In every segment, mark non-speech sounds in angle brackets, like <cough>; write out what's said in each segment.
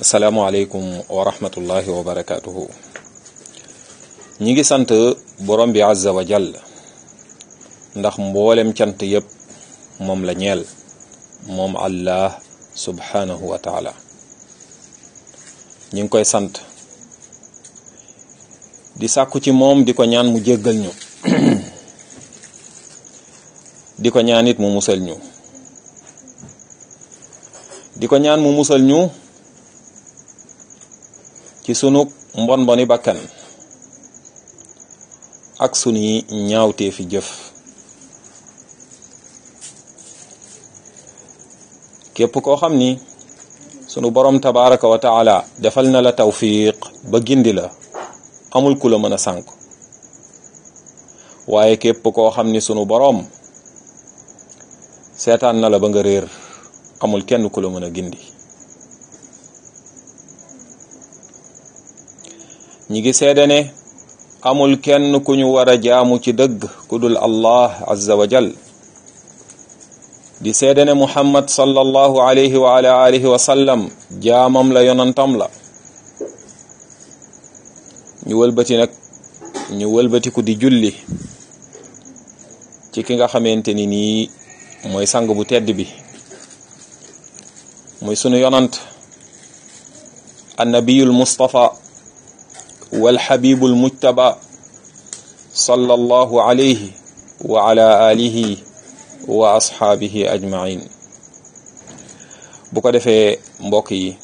asalaamualeykum wa rahmatullahi wa barakaatuhu ñi ngi sant borom bi azza wa jall ndax mboolem cant yépp moom la ñeel moom allah subhanahu wa taala ñi ngi koy sant di sàkku ci moom di ko ñaan mu jéggal ñu <clears throat> di ko ñaanit it mu musal ñu di ko ñaan mu musal ñu ci sunu mbon mboni bakkan ak sunuy ñaawtee fi jëf képp koo xam ni sunu boroom tabaraka wa taala defal na la tawfiq ba gindi la amul ku la mën a sànk waaye képp koo xam ni sunu boroom seetaan na la ba nga réer amul kenn ku la mën a gindi ñi ngi seede amul kenn ku ñu war a jaamu ci dëgg ku dul allah azza wa di seede ne muhammad sallallahu alayhi wa ala alihi jaamam la yonantam la ñu wëlbati nag ñu wëlbatiku di julli ci ki nga xamante ni nii mooy sangu bu tedd bi muy sunu yonant annabiyul mustafa wal xabibul mujtaba sallallahu alayhi wa ala alihi wa asxaabihi ajmain bu ko defee mbokk yi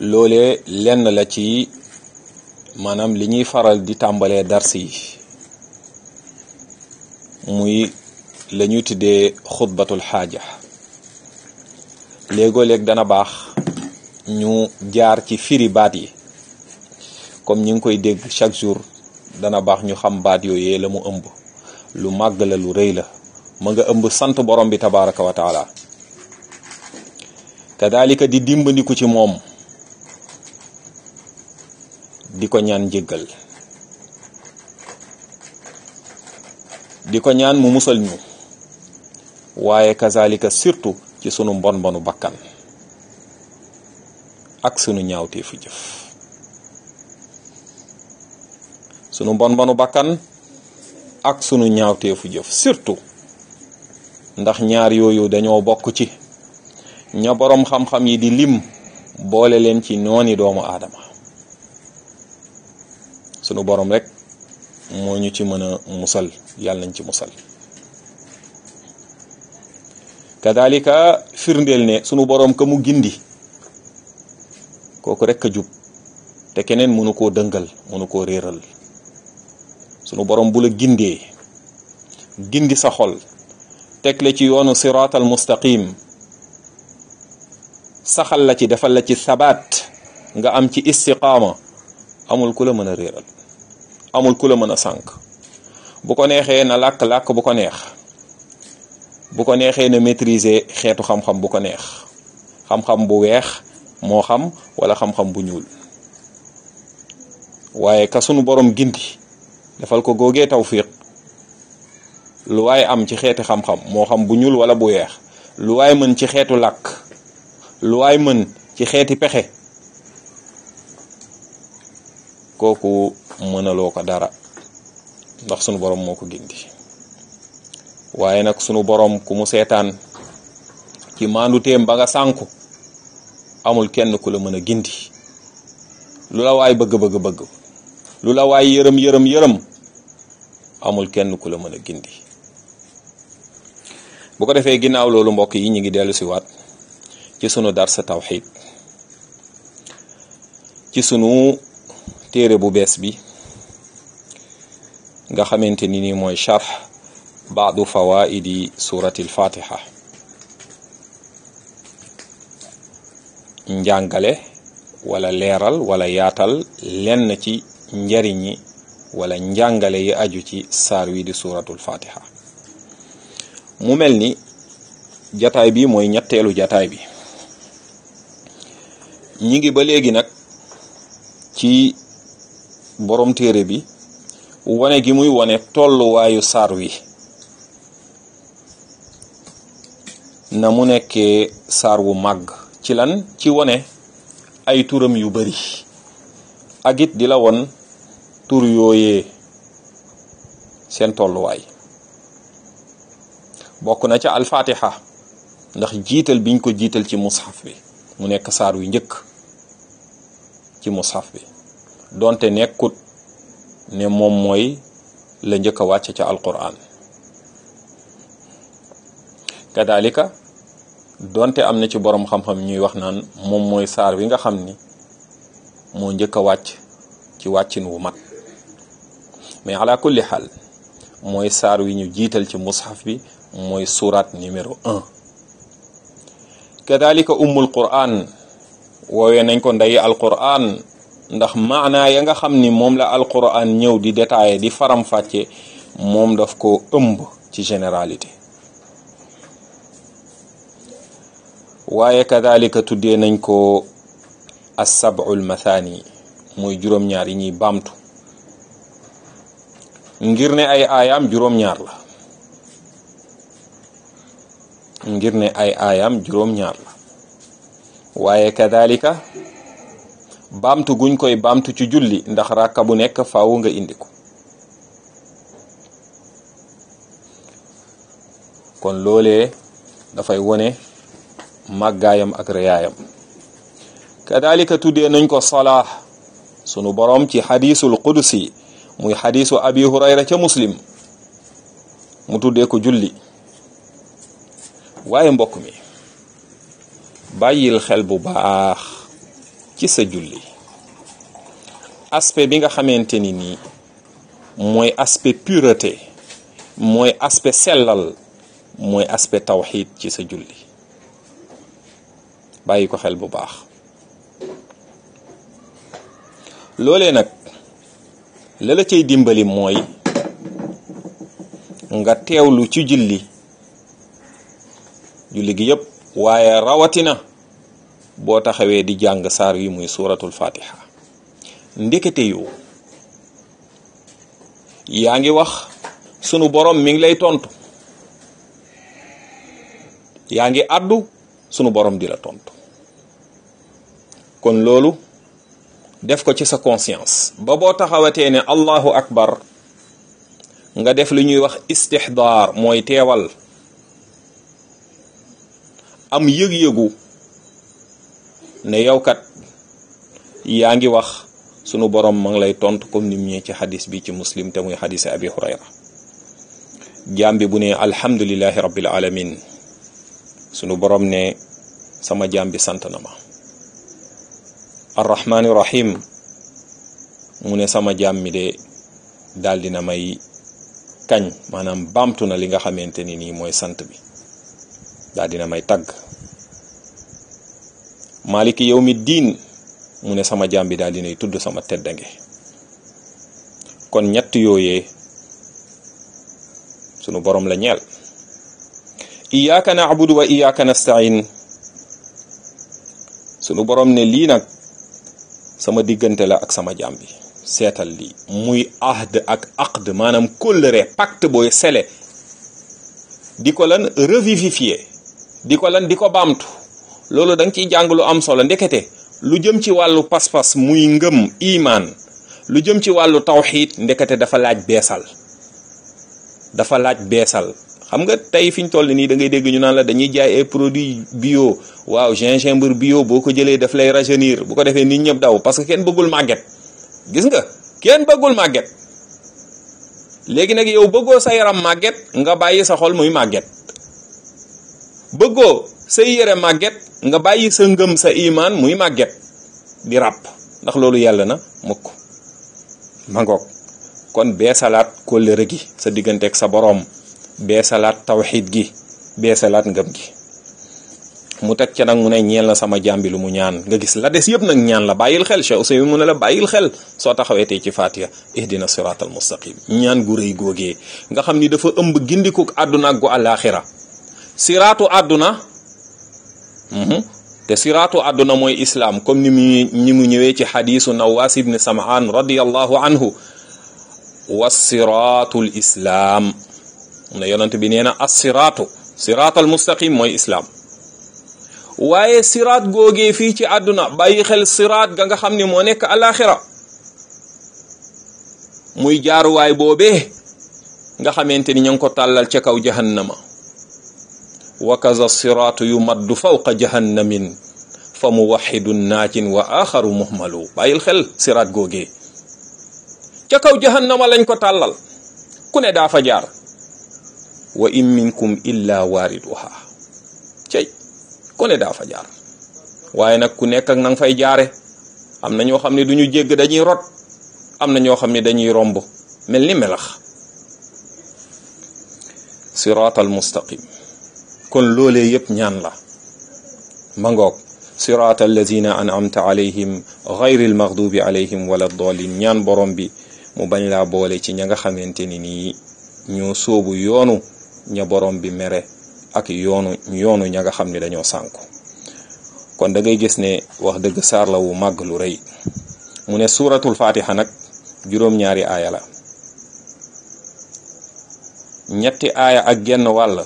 loolee lenn la ci maanaam li ñuy faral di tàmbalee darsi muy la ñuy tuddee xutbatul xaaja léegoo léeg dana baax ñu jaar ci firi baat yi comme ñu ngi koy dégg chaque jour dana baax ñu xam baat yooyee la mu ëmb lu màgg la lu rëy la ma nga ëmb sant borom bi tabaraka wa taala kadalika di dimbandiku ci moom di ko ñaan jéggal di ko ñaan mu musal ñu waaye kazalika surtout ci sunu mbon mbonu bakkan ak sunu ñaawteefu jëf sunu bon bonu bakkan ak sunu ñaawteefu jëf surtout ndax ñaar yooyu dañoo bokk ci ña boroom xam-xam yi di lim boole leen ci nooni doomu aadama sunu boroom rekk moo ñu ci mën a musal yàlla nañ ci musal kadalika firndeel ne sunu boroom ka mu gindi kooku rek a jub te keneen mënu koo dëngal mënu koo réeral sunu borom bula la gindee gindi sa xol teg la ci yoonu siraatal mustaqim saxal la ci defal la ci sabaat nga am ci istiqaama amul ku la mën a réeral amul ku la mën a sànq bu ko neexee na làkk-làkk bu ko neex bu ko neexee na maîtriser xeetu xam-xam bu ko neex xam-xam bu weex moo xam wala xam-xam bu ñuul waaye ka sunu borom gindi defal ko googee tawfiq lu waaye am ci xeeti xam-xam moo xam bu ñuul wala bu weex lu waay mën ci xeetu làkk lu waay mën ci xeeti pexe kooku mënaloo ko dara ndax sunu boroom moo ko gindi waaye nag sunu boroom ku mu seetaan ci maandu teem ba nga sànku amul kenn ku la mën a gindi lu la waay bëgg bëgg bëgg lu la waay yërëm yërëm yërëm amul kenn ku la mën a gindi bu ko defee ginnaaw loolu mbokk yi ñu ngi dellu si waat ci sunu dar sa tawxiid ci sunu téere bu bees bi nga xamante ni ni mooy charx baadu fawaidi surati al fatiha njàngale wala leeral wala yaatal lenn ci njariñi wala njàngale yi aju ci saar wi di suuratul fatiha mu mel ni jataay bi mooy ñetteelu jataay bi ñi ngi ba léegi nag ci borom téere bi wone gi muy wone tolluwaayu saar wi na mu nekkee saar wu màgg ci lan ci wone ay turam yu bari agit di la won tur yooyee seen tolluwaay bokk na ca alfatiha ndax jiital biñ ko jiital ci mushaf bi mu nekk saar wi njëkk ci mushaf bi donte nekkut ne moom mooy la njëkk wàcce wàcc ca alquran kadalika donte am na ci borom xam-xam ñuy wax naan moom mooy saar wi nga xam ni moo njëkk a wàcc ci wàccin wu mat mais ala kulli xaal mooy saar wi ñu jiital ci mushaf bi mooy surat numéro un kadalika ummul quraan woowee nañ ko ndeyi alquran ndax maanaa ya nga xam ni moom la alquran ñëw di détaillé di faram fàccee moom daf ko ëmb ci généralité waaye kadalika tuddee nañ ko asabul mathani mooy juróom-ñaar yi ñuy baamtu ngir ne ay aayaam juróom-ñaar la ngir ne ay aayaam juróom-ñaar la waaye kadalika baamtu guñ koy bamtu ci julli ndax ràkka bu nekk faaw nga indi ko kon loolee dafay wone màggaayam ak reyaayam kadalika tuddee nañ ko salaax sunu boroom ci xadiisul qudsi muy xadiisu abi hurayra ca muslim mu tuddee ko julli waaye mbokk mi bàyyil xel bu baax ci sa julli aspect bi nga xamante ni nii mooy aspect pureté mooy aspect sellal mooy aspect tawxiid ci sa julli bàyyi ko xel bu baax loolee nag la la cay dimbali mooy nga teewlu ci julli julli gi yëpp waaye rawatina boo taxawee di jàng saar yi muy suuratul fatiha ndekete yow yaa ngi wax sunu borom mi ngi lay tontu yaa ngi àddu sunu borom di la tontu kon loolu def ko ci sa conscience ba boo taxawatee ne allahu akbar nga def li ñuy wax istixdaar mooy teewal am yëg-yëgu ne yow kat yaa ngi wax sunu borom ma lay tontu comme ni mu ñëwee ci xadis bi ci muslim te muy xadis abi hurayra jaam bi bu ne alhamdulillahi rabbil alamin sunu borom ne sama jaam bi sant na ma arrahmaani rahim mu ne sama jaam mi de daal dina may kañ maanaam baamtu na li nga xamante ni nii mooy sant bi daal na may tagg maliki yow mi diin mu ne sama jaam bi daal nay tudd sama teddange kon ñett yooyee sunu borom la ñeel iyyaka na'budu wa iyyaka nasta'in sunu borom ne lii nag sama diggante la ak sama jaam seetal lii muy ahd ak aqd maanaam kóllëre pacte booy sele di ko lan revivifier di ko lan di ko baamtu loolu danga ciy jàng lu am solo ndekete lu jëm ci wàllu pas-pas muy ngëm imaan lu jëm ci wàllu tawxiid ndekete dafa laaj beesal dafa laaj beesal xam nga tey fi ñu toll nii dangay ngay dégg ñu naan la dañuy jaay ay produits bio waaw gingembre bio boo ko jëlee daf lay rajeunir bu ko defee nit ñëpp daw parce que kenn bëggul màgget gis nga kenn bëggul màgget léegi nag yow bëggoo sa yaram màgget nga bàyyi sa xol muy màgget bëggoo sa yére màgget nga bàyyi sa ngëm sa imaan muy màgget di ràpp ndax loolu yàlla na mukk mangoog kon bee salaat kóllëre gi sa diggante digganteeg sa boroom beesalaat tawxiid gi beesalaat ngëm gi mu teg ci nag mu ne ñeel na sama jàmbi lu mu ñaan nga gis la des yëpp nag ñaan la bàyyil xel Cheikh Ousseynou mu ne la bàyyil xel soo taxawee taxawetee ci Fatiha ihdina siratal mustaqim ñaan gu rëy nga xam ni dafa ëmb gindiku àdduna gu àllaaxira siraatu àdduna mhm, te siraatu àdduna mooy islaam comme ni mu ni mu ñëwee ci xadiisu Nawaas ibn Sam'aan radiyallahu anhu wa siraatul islaam mu ne yonent bi nee na assiraatu siraatal mustaqim mooy islaam waaye siraat googee fii ci àdduna bàyyi xel siraat ga nga xam ne moo nekk alaxira muy jaaruwaay boobe nga xamante ni ña ngi ko tàllal ca kaw jahannama wa kaza siraatu yu maddu fawqa jahannamin fa muwaxidu naajin wa axaru muhmalu bàyyil xel siraat googee ca kaw jahannama lañ ko tàllal ku ne daa fa jaar wa in minkum illa waariduha waaye nag ku nekk ak na fay jaare am na ñoo xam ne duñu jégg dañuy rot am na ñoo xam ne dañuy romb mel ni melax siraatal mustaqim kon loolee yépp ñaan la ma ngoog siraata allazina an'amta alayhim gayri almaghdubi alayhim wala ñaan borom bi mu bañ laa boole ci ña nga xamante ni nii ñoo soobu yoonu ña borom bi mere ak yoonu yoonu ña nga xam ni dañoo sànku kon da ngay gis ne wax dëgg saar la wu màgg lu rëy mu ne suuratul faatixa nag juróom-ñaari aaya la ñetti aaya ak genn wàll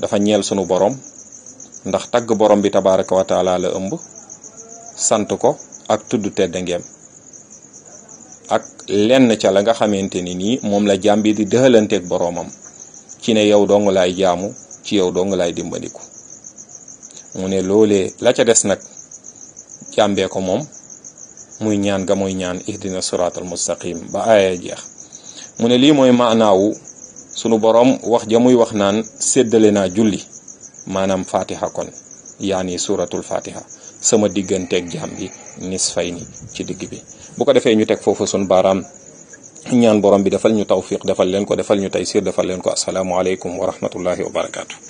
dafa ñeel sunu boroom ndax tagg boroom bi tabaraka wa taala la ëmb sant ko ak tudd tedd ak lenn ca la nga xamante ni nii moom la jàmbi di dëxalanteeg boroomam ci ne yow dong laay jaamu ci yow dong laay dimbandiku mu ne loolee la ca des nag jàmbee ko moom muy ñaan ga muy ñaan ihdina siraatal mustaqim ba aaya jeex mu ne lii mooy maanaawu sunu boroom wax ja muy wax naan séddale naa julli maanaam fatiha kon yaani suuratul fatiha sama digganteek jaam bi nis fay ni ci digg bi bu ko defee ñu teg foofu sunu baaraam ñaan borom bi defal ñu tawfiq defal leen ko defal ñu taysir defal leen ko asalaamualeykum wa rahmatullahi wa barakaatu.